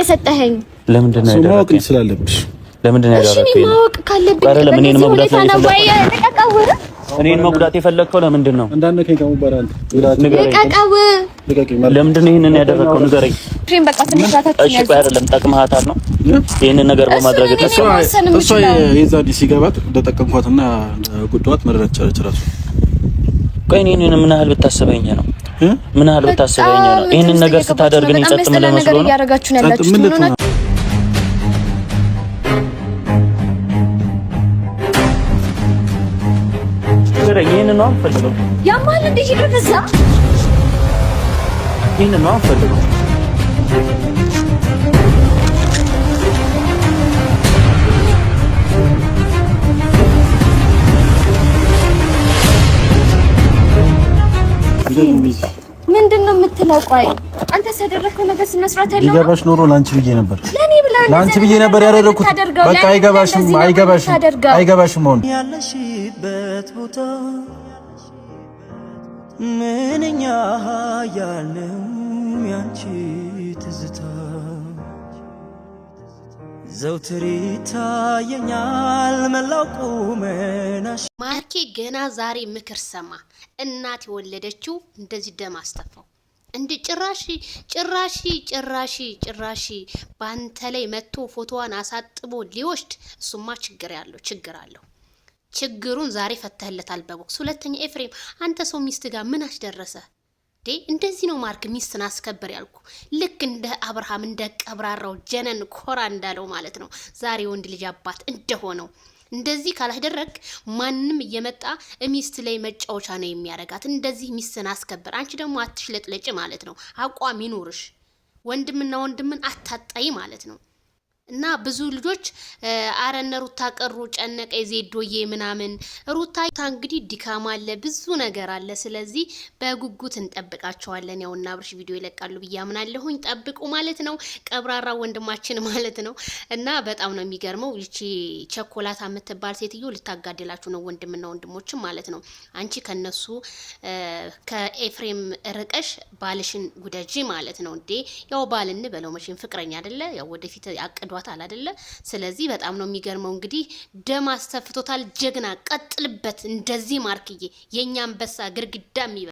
የሰጠኸኝ? ለምንድን ነው ያደረከኝ? ስላለብሽ ለምንድን ነው ያደረከኝ? ማወቅ ካለብኝ እኔን መጉዳት የፈለግከው ለምንድን ነው? ለምንድን ነው ይህንን ያደረከው? ንገረኝ። እሺ ቆይ አይደለም ጠቅመሃታል ነው ይህንን ነገር በማድረግ እሷ የዛ ዲሲ ገባት እንደጠቀምኳትና ጉዳዋት መረዳት ቻለች እራሱ ቆይ እኔን ምን ያህል ብታስበኝ ነው? ምን ያህል ብታስበኝ ነው? ይሄንን ነገር ስታደርግ ነው ጸጥ ምን ለመስሎ ነው ነው ያማል ነው አንፈልገው ምንድን ነው የምትለው? ቆይ አንተ ሰደረከው ነገር ስነ ስርዓት ያለው ቢገባሽ ኖሮ ላንቺ ብዬ ነበር ለኔ ብላ ላንቺ ብዬ ነበር ያደረኩት። በቃ አይገባሽም፣ አይገባሽም፣ አይገባሽም። አሁን ያለሽበት ቦታ ምንኛ ያለው ያንቺ ትዝታ ዘውትር ይታየኛል መላው ቁመናሽ። ማርኬ ገና ዛሬ ምክር ሰማ። እናት የወለደችው እንደዚህ ደም አስተፋው። እንደ ጭራሽ ጭራሽ ጭራሽ ጭራሽ ባንተ ላይ መጥቶ ፎቶዋን አሳጥቦ ሊወስድ እሱማ ችግር ያለው ችግር አለው። ችግሩን ዛሬ ፈተህለታል በቦክስ። ሁለተኛ ኤፍሬም፣ አንተ ሰው ሚስት ጋር ምን አስደረሰ? እንደዚህ ነው ማርክ ሚስትን አስከበር ያልኩ ልክ እንደ አብርሃም እንደ ቀብራራው ጀነን ኮራ እንዳለው ማለት ነው። ዛሬ ወንድ ልጅ አባት እንደሆነው እንደዚህ ካላደረግ ማንም እየመጣ ሚስት ላይ መጫወቻ ነው የሚያደርጋት። እንደዚህ ሚስትን አስከበር። አንቺ ደግሞ አትሽለጥለጭ ማለት ነው። አቋም ይኑርሽ። ወንድምና ወንድምን አታጣይ ማለት ነው። እና ብዙ ልጆች አረነ ሩታ ቀሩ ጨነቀ ዜዶዬ ምናምን ሩታ እንግዲህ ድካም አለ፣ ብዙ ነገር አለ። ስለዚህ በጉጉት እንጠብቃቸዋለን። ያው እና ብርሽ ቪዲዮ ይለቃሉ ብዬ አምናለሁኝ። ጠብቁ ማለት ነው። ቀብራራ ወንድማችን ማለት ነው። እና በጣም ነው የሚገርመው። ይቺ ቸኮላታ የምትባል ሴትዮ ልታጋደላችሁ ነው፣ ወንድምና ወንድሞችም ማለት ነው። አንቺ ከነሱ ከኤፍሬም ርቀሽ ባልሽን ጉደጂ ማለት ነው። እንዴ ያው ባልን በለው መቼም ፍቅረኛ አደለ ያው ወደፊት አቅዷ ይገባታል አይደለ? ስለዚህ በጣም ነው የሚገርመው። እንግዲህ ደም አስተፍቶታል። ጀግና ቀጥልበት፣ እንደዚህ ማርክዬ፣ የእኛ አንበሳ ግርግዳ የሚበ